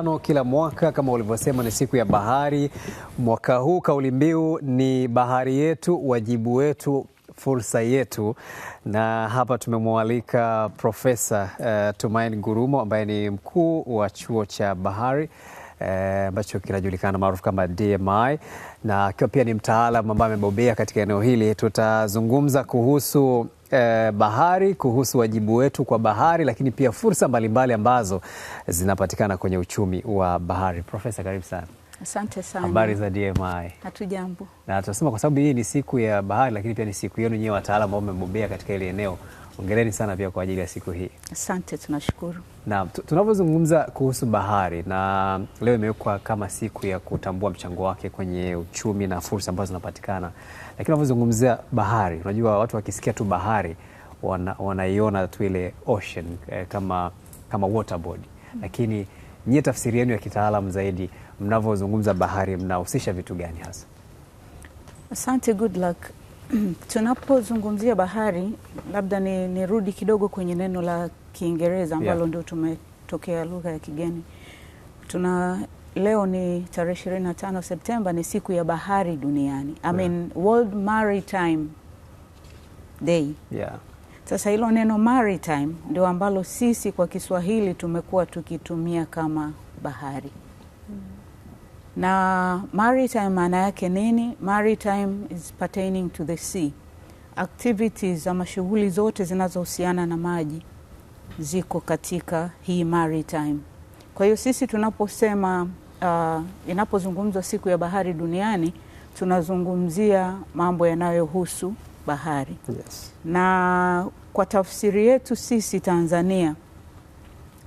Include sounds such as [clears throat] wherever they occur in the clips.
tano kila mwaka kama ulivyosema ni siku ya bahari. Mwaka huu kauli mbiu ni bahari yetu, wajibu wetu, fursa yetu, na hapa tumemwalika Profesa uh, Tumaini Gurumo ambaye ni mkuu wa chuo cha bahari ambacho eh, kinajulikana maarufu kama DMI, na akiwa pia ni mtaalamu ambaye amebobea katika eneo hili. Tutazungumza kuhusu eh, bahari, kuhusu wajibu wetu kwa bahari, lakini pia fursa mbalimbali ambazo zinapatikana kwenye uchumi wa bahari. Profesa, karibu sana. Asante sana. Habari za DMI? Hatujambo. Na tunasema kwa sababu hii ni siku ya bahari, lakini pia ni siku yenu nyewe wataalamu ambao mmebobea katika ile eneo Hongereni sana pia kwa ajili ya siku hii. Asante, tunashukuru. Naam, tunavyozungumza kuhusu bahari na leo imewekwa kama siku ya kutambua mchango wake kwenye uchumi na fursa ambazo zinapatikana, lakini unavyozungumzia bahari, unajua watu wakisikia tu bahari wanaiona wana tu ile ocean eh, kama, kama water body Lakini nyie tafsiri yenu ya kitaalamu zaidi, mnavyozungumza bahari mnahusisha vitu gani hasa? Asante, good luck. [clears throat] tunapozungumzia bahari, labda nirudi ni kidogo kwenye neno la Kiingereza ambalo yeah. ndio tumetokea lugha ya kigeni. Tuna leo ni tarehe tano Septemba, ni siku ya bahari duniani. I mean, yeah. World Maritime Day. Yeah. Sasa hilo neno maritime ndio ambalo sisi kwa Kiswahili tumekuwa tukitumia kama bahari. Mm na maritime maana yake nini? Maritime is pertaining to the sea. Activities ama shughuli zote zinazohusiana na maji ziko katika hii maritime. Kwa hiyo sisi tunaposema uh, inapozungumzwa siku ya bahari duniani tunazungumzia mambo yanayohusu bahari. Yes. Na kwa tafsiri yetu sisi Tanzania,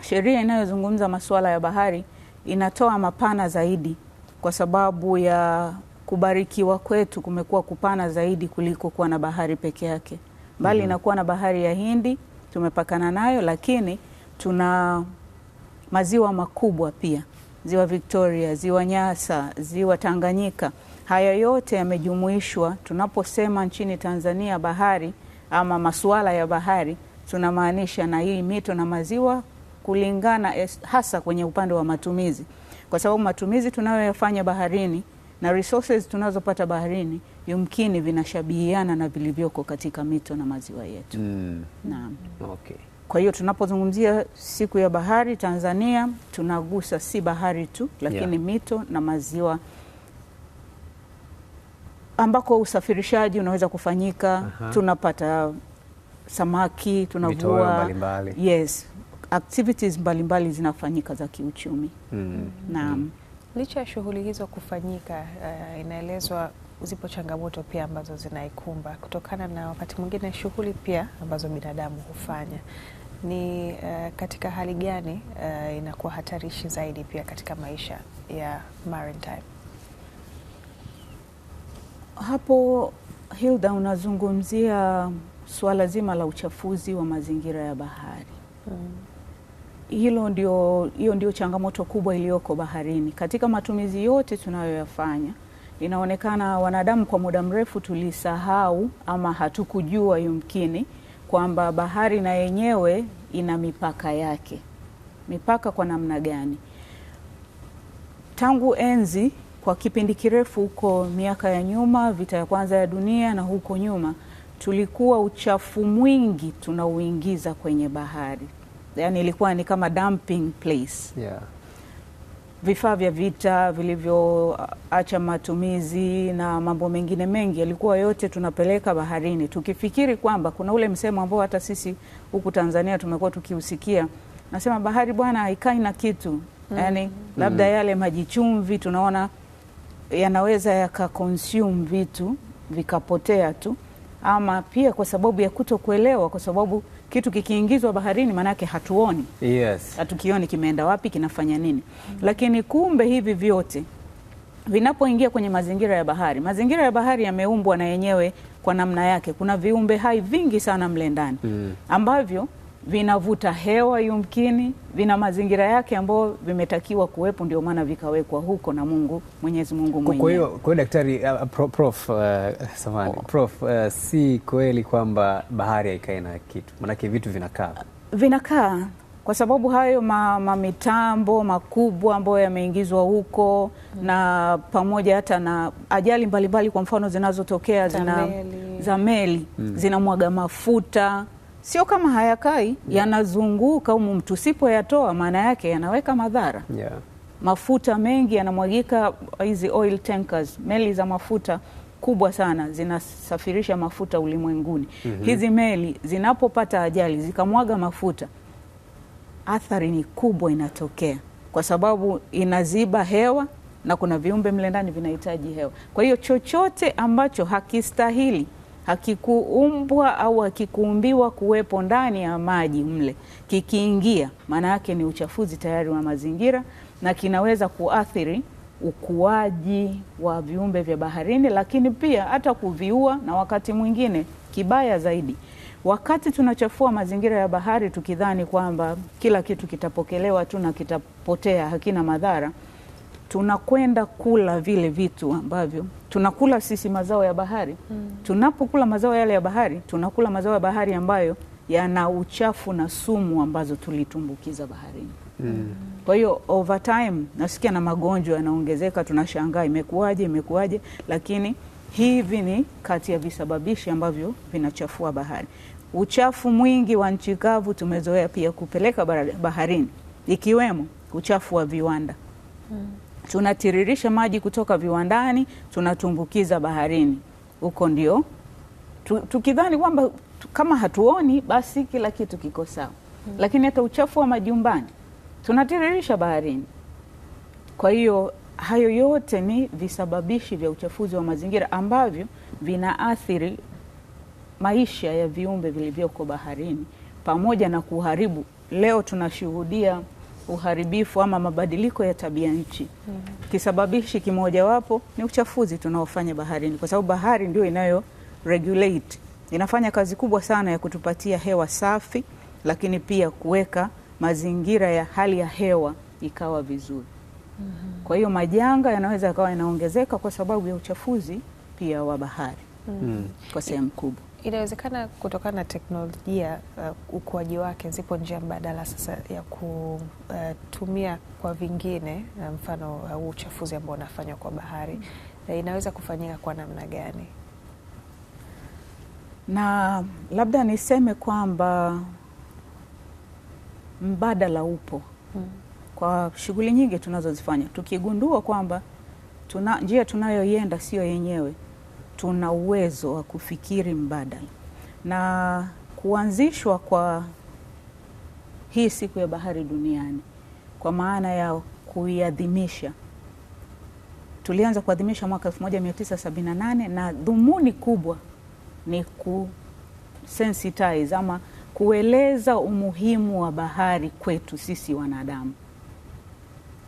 sheria inayozungumza masuala ya bahari inatoa mapana zaidi kwa sababu ya kubarikiwa kwetu kumekuwa kupana zaidi kuliko kuwa na bahari peke yake, mbali mm -hmm. na kuwa na bahari ya Hindi tumepakana nayo, lakini tuna maziwa makubwa pia, ziwa Victoria, ziwa Nyasa, ziwa Tanganyika. Haya yote yamejumuishwa. Tunaposema nchini Tanzania bahari ama masuala ya bahari, tunamaanisha na hii mito na maziwa, kulingana hasa kwenye upande wa matumizi kwa sababu matumizi tunayoyafanya baharini na resources tunazopata baharini yumkini vinashabihiana na vilivyoko katika mito na maziwa yetu. Mm. Naam. Okay. Kwa hiyo tunapozungumzia siku ya bahari Tanzania, tunagusa si bahari tu, lakini yeah, mito na maziwa ambako usafirishaji unaweza kufanyika. Aha. Tunapata samaki tunavua, yes activities mbalimbali zinafanyika za kiuchumi mm. Naam, hmm. licha ya shughuli hizo kufanyika, uh, inaelezwa zipo changamoto pia ambazo zinaikumba kutokana na wakati mwingine shughuli pia ambazo binadamu hufanya ni uh, katika hali gani uh, inakuwa hatarishi zaidi pia katika maisha ya maritime? Hapo Hilda, unazungumzia suala zima la uchafuzi wa mazingira ya bahari mm hilo ndio, hiyo ndio changamoto kubwa iliyoko baharini katika matumizi yote tunayoyafanya. Inaonekana wanadamu kwa muda mrefu tulisahau ama hatukujua yumkini kwamba bahari na yenyewe ina mipaka yake. Mipaka kwa namna gani? Tangu enzi kwa kipindi kirefu huko miaka ya nyuma, vita ya kwanza ya dunia na huko nyuma, tulikuwa uchafu mwingi tunauingiza kwenye bahari yani ilikuwa ni kama dumping place yeah. Vifaa vya vita vilivyoacha uh, matumizi na mambo mengine mengi yalikuwa yote tunapeleka baharini, tukifikiri kwamba kuna ule msemo ambao hata sisi huku Tanzania tumekuwa tukiusikia, nasema bahari bwana haikai na kitu mm. yani, mm. labda mm. yale maji chumvi tunaona yanaweza yakakonsume vitu vikapotea tu, ama pia kwa sababu ya kutokuelewa, kwa sababu kitu kikiingizwa baharini maanake hatuoni, yes. Hatukioni kimeenda wapi, kinafanya nini, mm -hmm. Lakini kumbe hivi vyote vinapoingia kwenye mazingira ya bahari, mazingira ya bahari yameumbwa na yenyewe kwa namna yake. Kuna viumbe hai vingi sana mle ndani mm -hmm. ambavyo vinavuta hewa yumkini, vina mazingira yake ambayo vimetakiwa kuwepo, ndio maana vikawekwa huko na Mungu Mwenyezi Mungu mwenyewe. Kwa hiyo kwa daktari uh, prof, prof uh, samani oh. Prof uh, si kweli kwamba bahari haikae na kitu, maanake vitu vinakaa vinakaa, kwa sababu hayo ma, ma mitambo makubwa ambayo yameingizwa huko hmm. na pamoja hata na ajali mbalimbali, kwa mfano zinazotokea zina za meli hmm. zinamwaga mafuta sio kama hayakai yeah. Yanazunguka humu, usipoyatoa maana yake yanaweka madhara yeah. Mafuta mengi yanamwagika, hizi oil tankers, meli za mafuta kubwa sana zinasafirisha mafuta ulimwenguni mm -hmm. Hizi meli zinapopata ajali zikamwaga mafuta, athari ni kubwa inatokea, kwa sababu inaziba hewa na kuna viumbe mle ndani vinahitaji hewa. Kwa hiyo chochote ambacho hakistahili hakikuumbwa au hakikuumbiwa kuwepo ndani ya maji mle. Kikiingia maana yake ni uchafuzi tayari wa mazingira na kinaweza kuathiri ukuaji wa viumbe vya baharini, lakini pia hata kuviua, na wakati mwingine kibaya zaidi, wakati tunachafua mazingira ya bahari tukidhani kwamba kila kitu kitapokelewa tu na kitapotea, hakina madhara tunakwenda kula vile vitu ambavyo tunakula sisi, mazao ya bahari mm. Tunapokula mazao yale ya bahari, tunakula mazao ya bahari ambayo yana uchafu na sumu ambazo tulitumbukiza baharini mm. Kwa hiyo over time nasikia na magonjwa yanaongezeka, tunashangaa imekuwaje, imekuwaje, lakini hivi ni kati ya visababishi ambavyo vinachafua bahari. Uchafu mwingi wa nchi kavu tumezoea pia kupeleka baharini, ikiwemo uchafu wa viwanda mm tunatiririsha maji kutoka viwandani, tunatumbukiza baharini. Huko ndio tukidhani kwamba kama hatuoni basi kila kitu kiko sawa hmm. Lakini hata uchafu wa majumbani tunatiririsha baharini. Kwa hiyo hayo yote ni visababishi vya uchafuzi wa mazingira ambavyo vinaathiri maisha ya viumbe vilivyoko baharini pamoja na kuharibu. Leo tunashuhudia uharibifu ama mabadiliko ya tabia nchi. mm -hmm. Kisababishi kimojawapo ni uchafuzi tunaofanya baharini, kwa sababu bahari ndio inayo regulate, inafanya kazi kubwa sana ya kutupatia hewa safi, lakini pia kuweka mazingira ya hali ya hewa ikawa vizuri. mm -hmm. Kwa hiyo majanga yanaweza yakawa yanaongezeka kwa sababu ya uchafuzi pia wa bahari. mm -hmm. Kwa sehemu kubwa inawezekana kutokana na teknolojia uh, ukuaji wake, zipo njia mbadala sasa ya kutumia uh, kwa vingine, uh, mfano huu uh, uchafuzi ambao unafanywa kwa bahari mm -hmm. inaweza kufanyika kwa namna gani? Na labda niseme kwamba mbadala upo mm -hmm. kwa shughuli nyingi tunazozifanya, tukigundua kwamba tuna, njia tunayoienda siyo yenyewe tuna uwezo wa kufikiri mbadala, na kuanzishwa kwa hii siku ya bahari duniani kwa maana ya kuiadhimisha, tulianza kuadhimisha mwaka 1978 na dhumuni kubwa ni ku ama kueleza umuhimu wa bahari kwetu sisi wanadamu,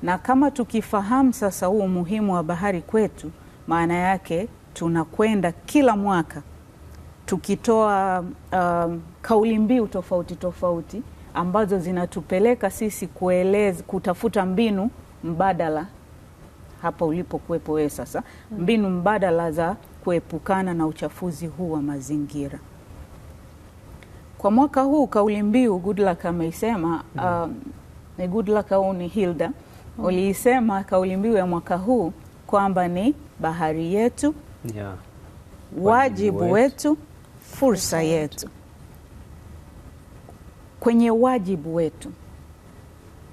na kama tukifahamu sasa huu umuhimu wa bahari kwetu, maana yake tunakwenda kila mwaka tukitoa uh, kauli mbiu tofauti tofauti ambazo zinatupeleka sisi kueleza, kutafuta mbinu mbadala hapa ulipokuwepo wewe sasa, mm. mbinu mbadala za kuepukana na uchafuzi huu wa mazingira. Kwa mwaka huu kauli mbiu Goodluck ameisema uh, ni au ni Hilda mm. uliisema kauli mbiu ya mwaka huu kwamba ni bahari yetu yeah. Wajibu wetu, fursa yetu. Kwenye wajibu wetu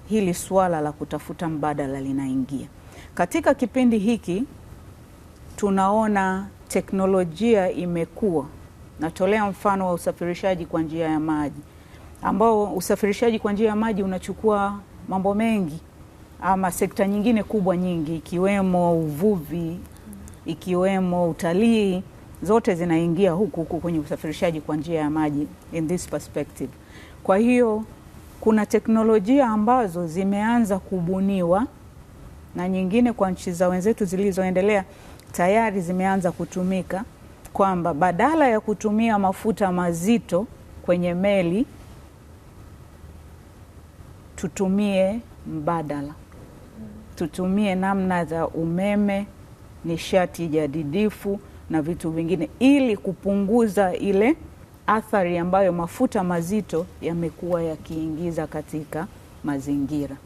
hili suala la kutafuta mbadala linaingia. Katika kipindi hiki tunaona teknolojia imekuwa. Natolea mfano wa usafirishaji kwa njia ya maji ambao usafirishaji kwa njia ya maji unachukua mambo mengi ama sekta nyingine kubwa nyingi ikiwemo uvuvi, ikiwemo utalii, zote zinaingia huku huku kwenye usafirishaji kwa njia ya maji in this perspective. Kwa hiyo kuna teknolojia ambazo zimeanza kubuniwa na nyingine kwa nchi za wenzetu zilizoendelea tayari zimeanza kutumika, kwamba badala ya kutumia mafuta mazito kwenye meli tutumie mbadala, tutumie namna za umeme nishati jadidifu na vitu vingine, ili kupunguza ile athari ambayo mafuta mazito yamekuwa yakiingiza katika mazingira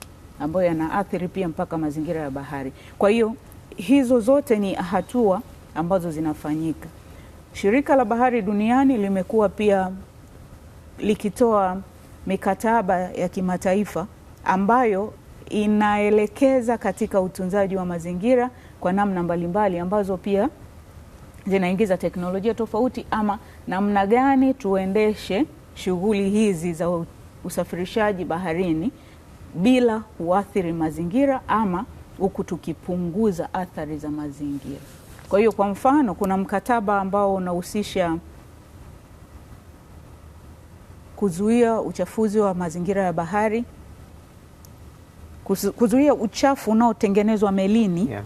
ambayo yanaathiri pia mpaka mazingira ya bahari. Kwa hiyo hizo zote ni hatua ambazo zinafanyika. Shirika la Bahari Duniani limekuwa pia likitoa mikataba ya kimataifa ambayo inaelekeza katika utunzaji wa mazingira kwa namna mbalimbali ambazo pia zinaingiza teknolojia tofauti ama namna gani tuendeshe shughuli hizi za usafirishaji baharini bila kuathiri mazingira ama huku tukipunguza athari za mazingira. Kwa hiyo kwa mfano, kuna mkataba ambao unahusisha kuzuia uchafuzi wa mazingira ya bahari, kuzuia uchafu unaotengenezwa melini yeah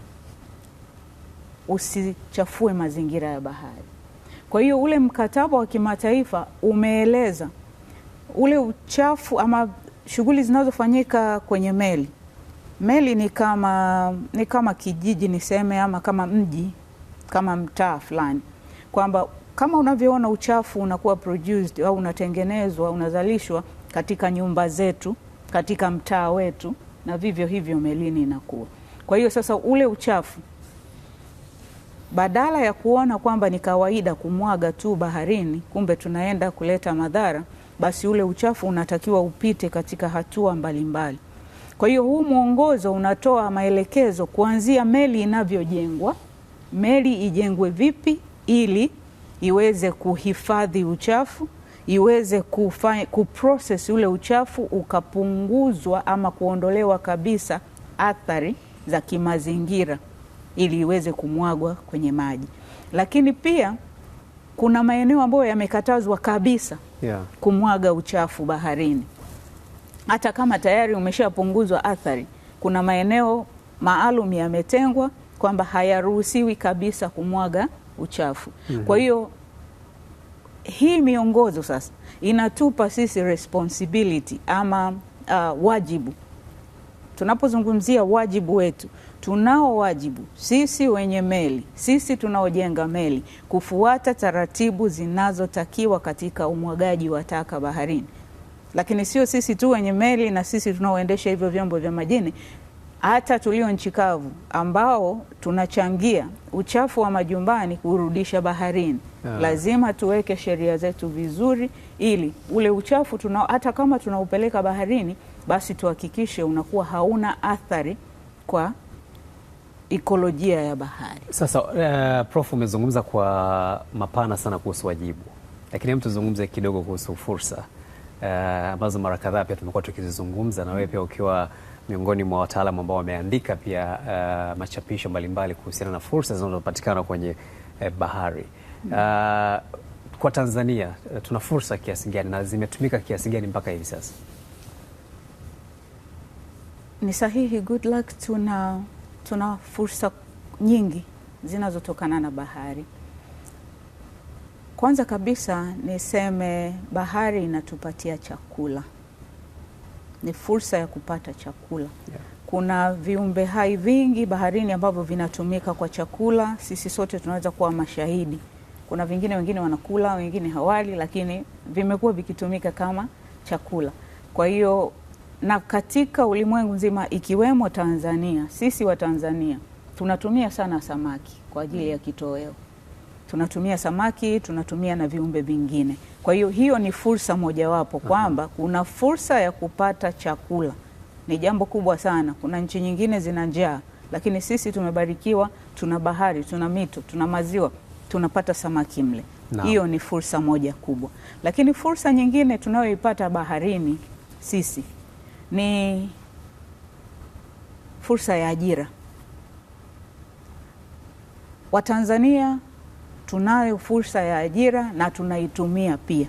usichafue mazingira ya bahari. Kwa hiyo ule mkataba wa kimataifa umeeleza ule uchafu ama shughuli zinazofanyika kwenye meli. Meli ni kama, ni kama kijiji niseme, ama kama mji, kama mtaa fulani, kwamba kama unavyoona uchafu unakuwa produced au unatengenezwa, unazalishwa katika nyumba zetu, katika mtaa wetu, na vivyo hivyo melini inakuwa. Kwa hiyo sasa ule uchafu badala ya kuona kwamba ni kawaida kumwaga tu baharini, kumbe tunaenda kuleta madhara, basi ule uchafu unatakiwa upite katika hatua mbalimbali. Kwa hiyo huu mwongozo unatoa maelekezo kuanzia meli inavyojengwa, meli ijengwe vipi ili iweze kuhifadhi uchafu, iweze kufanya, kuprocess ule uchafu ukapunguzwa ama kuondolewa kabisa athari za kimazingira ili iweze kumwagwa kwenye maji. Lakini pia kuna maeneo ambayo yamekatazwa kabisa yeah, kumwaga uchafu baharini, hata kama tayari umeshapunguzwa athari. Kuna maeneo maalum yametengwa kwamba hayaruhusiwi kabisa kumwaga uchafu. mm -hmm. Kwa hiyo hii miongozo sasa inatupa sisi responsibility ama uh, wajibu tunapozungumzia wajibu wetu, tunao wajibu sisi wenye meli, sisi tunaojenga meli, kufuata taratibu zinazotakiwa katika umwagaji wa taka baharini. Lakini sio sisi tu wenye meli na sisi tunaoendesha hivyo vyombo vya majini, hata tulio nchi kavu ambao tunachangia uchafu wa majumbani kurudisha baharini. Aa, ah. lazima tuweke sheria zetu vizuri, ili ule uchafu tunao, hata kama tunaupeleka baharini basi tuhakikishe unakuwa hauna athari kwa ikolojia ya bahari. Sasa uh, Prof umezungumza kwa mapana sana kuhusu wajibu, lakini hebu tuzungumze kidogo kuhusu fursa eh, ambazo mara kadhaa pia tumekuwa tukizizungumza na wewe pia ukiwa miongoni mwa wataalamu ambao wameandika pia uh, machapisho mbalimbali kuhusiana na fursa zinazopatikana kwenye uh, bahari uh, kwa Tanzania tuna fursa kiasi gani na zimetumika kiasi gani mpaka hivi sasa? Ni sahihi Good Luck, tuna, tuna fursa nyingi zinazotokana na bahari. Kwanza kabisa niseme bahari inatupatia chakula, ni fursa ya kupata chakula yeah. Kuna viumbe hai vingi baharini ambavyo vinatumika kwa chakula, sisi sote tunaweza kuwa mashahidi. Kuna vingine, wengine wanakula, wengine hawali, lakini vimekuwa vikitumika kama chakula. Kwa hiyo na katika ulimwengu mzima ikiwemo Tanzania. Sisi wa Tanzania tunatumia sana samaki kwa ajili ya kitoweo, tunatumia samaki, tunatumia na viumbe vingine. Kwa hiyo hiyo ni fursa mojawapo kwamba kuna fursa ya kupata chakula, ni jambo kubwa sana. Kuna nchi nyingine zina njaa, lakini sisi tumebarikiwa, tuna bahari, tuna mito, tuna maziwa, tunapata samaki mle. Hiyo ni fursa moja kubwa, lakini fursa nyingine tunayoipata baharini sisi ni fursa ya ajira. Watanzania tunayo fursa ya ajira na tunaitumia pia.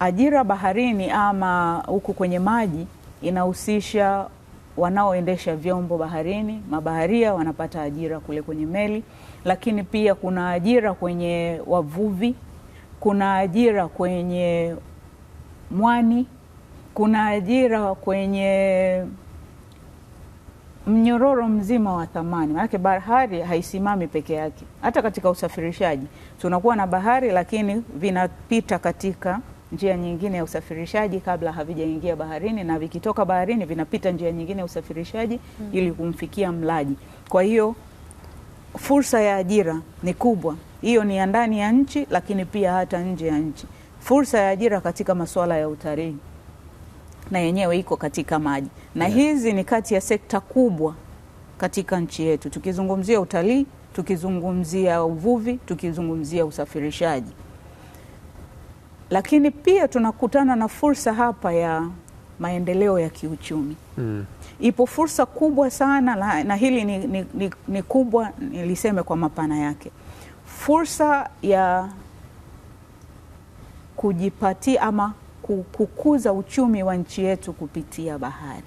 Ajira baharini ama huku kwenye maji inahusisha wanaoendesha vyombo baharini, mabaharia wanapata ajira kule kwenye meli, lakini pia kuna ajira kwenye wavuvi, kuna ajira kwenye mwani kuna ajira kwenye mnyororo mzima wa thamani, maanake bahari haisimami peke yake. Hata katika usafirishaji tunakuwa na bahari, lakini vinapita katika njia nyingine ya usafirishaji kabla havijaingia baharini, na vikitoka baharini vinapita njia nyingine ya usafirishaji mm, ili kumfikia mlaji. Kwa hiyo fursa ya ajira ni kubwa, hiyo ni ya ndani ya nchi, lakini pia hata nje ya nchi. Fursa ya ajira katika masuala ya utalii na yenyewe iko katika maji na yeah. Hizi ni kati ya sekta kubwa katika nchi yetu, tukizungumzia utalii, tukizungumzia uvuvi, tukizungumzia usafirishaji, lakini pia tunakutana na fursa hapa ya maendeleo ya kiuchumi mm. Ipo fursa kubwa sana na, na hili ni, ni, ni, ni kubwa niliseme kwa mapana yake, fursa ya kujipatia ama kukuza uchumi wa nchi yetu kupitia bahari.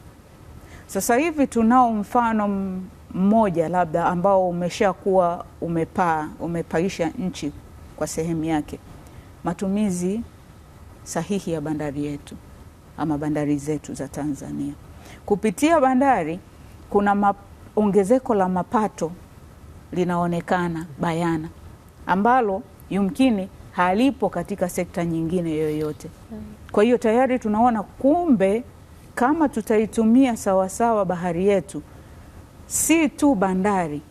Sasa hivi tunao mfano mmoja labda ambao umeshakuwa umepaa umepaisha nchi kwa sehemu yake, matumizi sahihi ya bandari yetu ama bandari zetu za Tanzania. Kupitia bandari kuna ongezeko la mapato linaonekana bayana ambalo yumkini halipo katika sekta nyingine yoyote. Mm. Kwa hiyo tayari tunaona kumbe, kama tutaitumia sawasawa bahari yetu, si tu bandari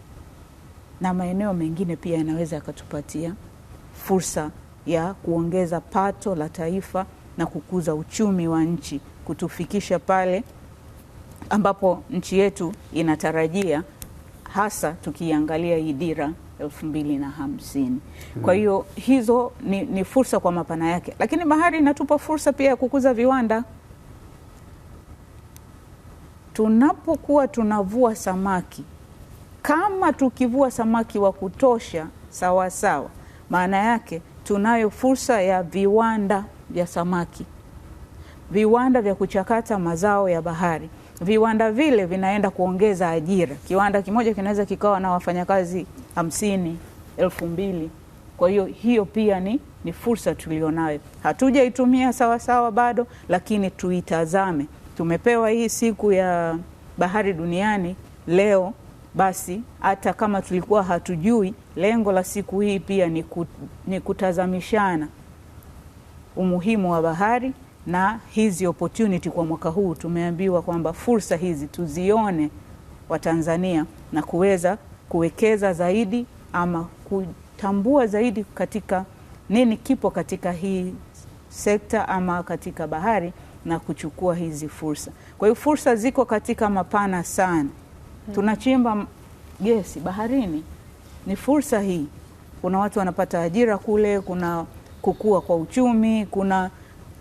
na maeneo mengine pia yanaweza yakatupatia fursa ya kuongeza pato la taifa na kukuza uchumi wa nchi, kutufikisha pale ambapo nchi yetu inatarajia, hasa tukiangalia hii dira elfu mbili na hamsini. Hmm. Kwa hiyo hizo ni, ni fursa kwa mapana yake, lakini bahari inatupa fursa pia ya kukuza viwanda. Tunapokuwa tunavua samaki, kama tukivua samaki wa kutosha sawasawa sawa, maana yake tunayo fursa ya viwanda vya samaki, viwanda vya kuchakata mazao ya bahari. Viwanda vile vinaenda kuongeza ajira. Kiwanda kimoja kinaweza kikawa na wafanyakazi hamsini elfu mbili. Kwa hiyo hiyo pia ni, ni fursa tulionayo, hatujaitumia sawasawa bado, lakini tuitazame. Tumepewa hii siku ya bahari duniani leo, basi hata kama tulikuwa hatujui, lengo la siku hii pia ni, kut, ni kutazamishana umuhimu wa bahari na hizi opportunity kwa mwaka huu tumeambiwa kwamba fursa hizi tuzione Watanzania na kuweza kuwekeza zaidi ama kutambua zaidi katika nini kipo katika hii sekta ama katika bahari na kuchukua hizi fursa. Kwa hiyo fursa ziko katika mapana sana. Hmm. Tunachimba gesi baharini, ni fursa hii. Kuna watu wanapata ajira kule, kuna kukua kwa uchumi, kuna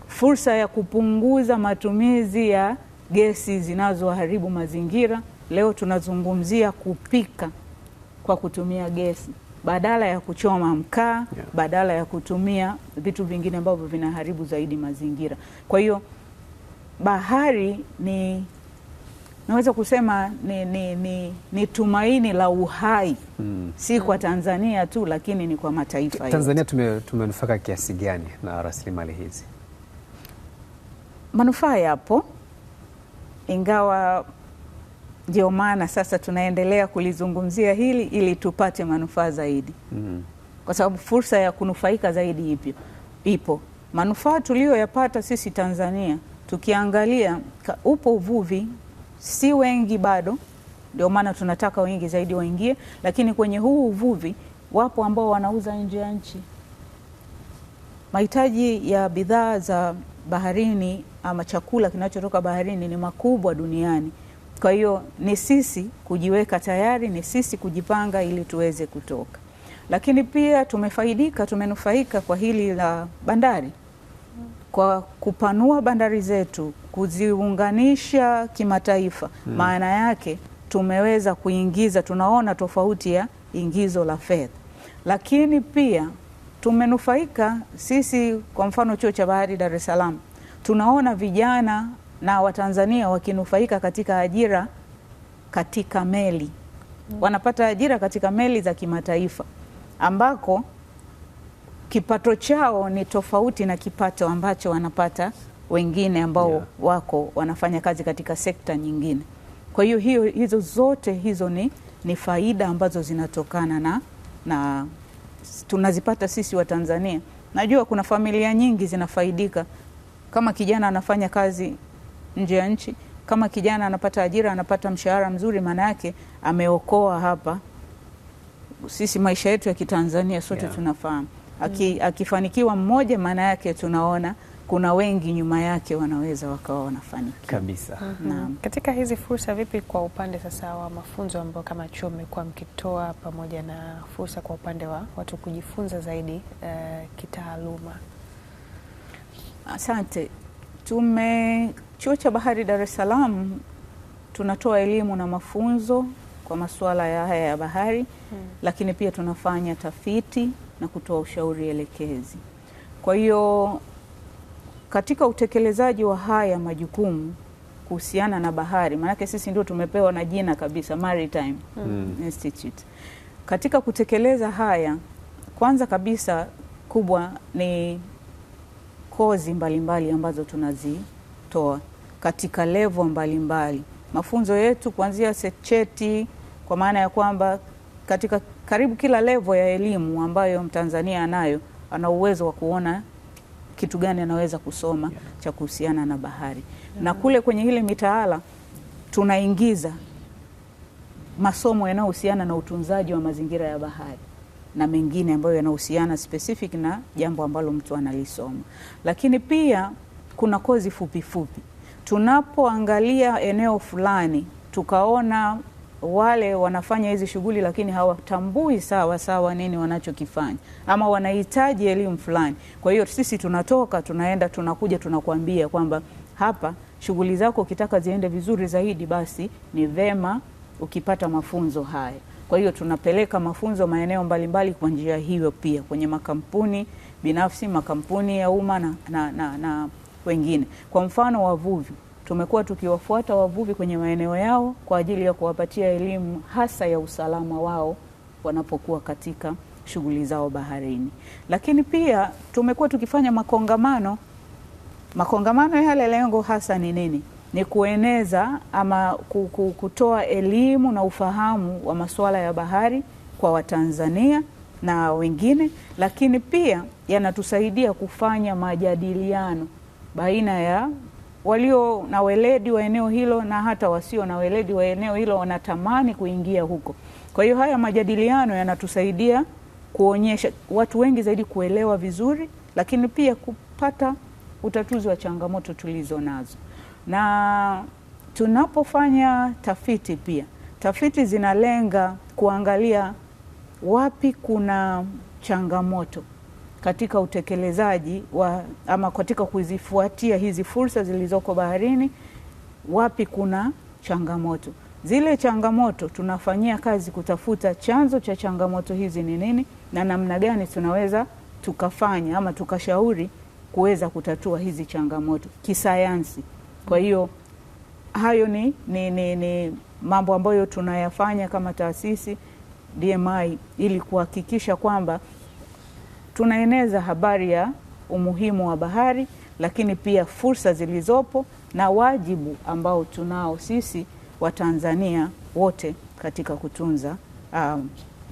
fursa ya kupunguza matumizi ya gesi zinazoharibu mazingira. Leo tunazungumzia kupika kwa kutumia gesi badala ya kuchoma mkaa yeah. badala ya kutumia vitu vingine ambavyo vinaharibu zaidi mazingira. Kwa hiyo bahari ni naweza kusema ni, ni, ni, ni tumaini la uhai mm. si kwa Tanzania tu lakini ni kwa mataifa yote. Tanzania tumenufaika tume kiasi gani na rasilimali hizi? Manufaa yapo ingawa ndio maana sasa tunaendelea kulizungumzia hili ili tupate manufaa zaidi mm. Kwa sababu fursa ya kunufaika zaidi ipyo, ipo. Manufaa tuliyoyapata sisi Tanzania tukiangalia, upo uvuvi, si wengi bado, ndio maana tunataka wengi zaidi waingie, lakini kwenye huu uvuvi wapo ambao wanauza nje ya nchi. Mahitaji ya bidhaa za baharini ama chakula kinachotoka baharini ni makubwa duniani. Kwa hiyo ni sisi kujiweka tayari, ni sisi kujipanga ili tuweze kutoka. Lakini pia tumefaidika, tumenufaika kwa hili la bandari kwa kupanua bandari zetu, kuziunganisha kimataifa. Hmm. Maana yake tumeweza kuingiza, tunaona tofauti ya ingizo la fedha, lakini pia tumenufaika sisi. Kwa mfano chuo cha bahari Dar es Salaam, tunaona vijana na Watanzania wakinufaika katika ajira katika meli mm. Wanapata ajira katika meli za kimataifa ambako kipato chao ni tofauti na kipato ambacho wanapata wengine ambao yeah. wako wanafanya kazi katika sekta nyingine. Kwa hiyo hiyo hizo zote hizo ni, ni faida ambazo zinatokana na, na tunazipata sisi wa Tanzania. Najua kuna familia nyingi zinafaidika kama kijana anafanya kazi nje ya nchi. Kama kijana anapata ajira, anapata mshahara mzuri, maana yake ameokoa hapa. Sisi maisha yetu ya Kitanzania sote yeah. tunafahamu mm. Aki, akifanikiwa mmoja, maana yake tunaona kuna wengi nyuma yake wanaweza wakawa wanafanikiwa kabisa. mm -hmm. Naam. Katika hizi fursa, vipi kwa upande sasa wa mafunzo ambayo kama chuo mmekuwa mkitoa pamoja na fursa kwa upande wa watu kujifunza zaidi uh, kitaaluma? Asante. Tume Chuo cha Bahari Dar es Salaam tunatoa elimu na mafunzo kwa masuala ya haya ya bahari hmm. Lakini pia tunafanya tafiti na kutoa ushauri elekezi. Kwa hiyo katika utekelezaji wa haya majukumu kuhusiana na bahari, maanake sisi ndio tumepewa na jina kabisa Maritime hmm. hmm. Institute. Katika kutekeleza haya, kwanza kabisa kubwa ni kozi mbalimbali mbali ambazo tunazi kutoa katika levo mbalimbali. Mafunzo yetu kuanzia secheti, kwa maana ya kwamba katika karibu kila levo ya elimu ambayo Mtanzania anayo, ana uwezo wa kuona kitu gani anaweza kusoma yeah, cha kuhusiana na bahari yeah. Na kule kwenye ile mitaala tunaingiza masomo yanayohusiana na utunzaji wa mazingira ya bahari na mengine ambayo yanahusiana specific na jambo ambalo mtu analisoma, lakini pia kuna kozi fupi fupi. Tunapoangalia eneo fulani tukaona wale wanafanya hizi shughuli lakini hawatambui sawa sawa nini wanachokifanya, ama wanahitaji elimu fulani. Kwa hiyo sisi tunatoka, tunaenda, tunakuja, tunakuambia kwamba hapa shughuli zako ukitaka ziende vizuri zaidi, basi ni vema ukipata mafunzo haya. Kwa hiyo tunapeleka mafunzo maeneo mbalimbali kwa njia hiyo, pia kwenye makampuni binafsi, makampuni ya umma na, na, na, na wengine. Kwa mfano, wavuvi tumekuwa tukiwafuata wavuvi kwenye maeneo yao kwa ajili ya kuwapatia elimu hasa ya usalama wao wanapokuwa katika shughuli zao baharini. Lakini pia tumekuwa tukifanya makongamano. Makongamano yale lengo hasa ni nini? Ni kueneza ama kutoa elimu na ufahamu wa masuala ya bahari kwa Watanzania na wengine, lakini pia yanatusaidia kufanya majadiliano baina ya walio na weledi wa eneo hilo na hata wasio na weledi wa eneo hilo wanatamani kuingia huko. Kwa hiyo haya majadiliano yanatusaidia kuonyesha watu wengi zaidi kuelewa vizuri, lakini pia kupata utatuzi wa changamoto tulizo nazo. Na tunapofanya tafiti pia, tafiti zinalenga kuangalia wapi kuna changamoto katika utekelezaji wa ama katika kuzifuatia hizi fursa zilizoko baharini, wapi kuna changamoto. Zile changamoto tunafanyia kazi kutafuta chanzo cha changamoto hizi ni nini na namna gani tunaweza tukafanya ama tukashauri kuweza kutatua hizi changamoto kisayansi. Kwa hiyo hayo ni, ni, ni, ni mambo ambayo tunayafanya kama taasisi DMI ili kuhakikisha kwamba tunaeneza habari ya umuhimu wa bahari, lakini pia fursa zilizopo na wajibu ambao tunao sisi Watanzania wote katika kutunza um,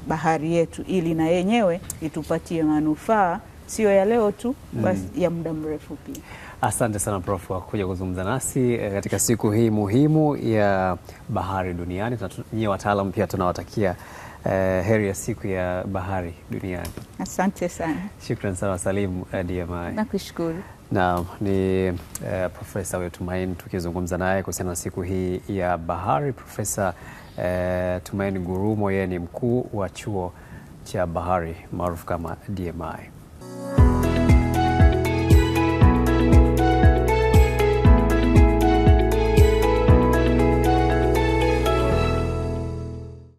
bahari yetu ili na yenyewe itupatie manufaa sio ya leo tu basi mm, ya muda mrefu pia. Asante sana Prof kwa kuja kuzungumza nasi eh, katika siku hii muhimu ya bahari duniani. Nyie wataalamu pia tunawatakia uh, heri ya siku ya bahari duniani. Asante sana. Shukran sana Salimu Adiamai. Eh, Nakushukuru. Naam, ni uh, Profesa Weo Tumaini tukizungumza naye kuhusiana na siku hii ya bahari. Profesa uh, Tumaini Gurumo, yeye ni mkuu wa chuo cha bahari maarufu kama DMI.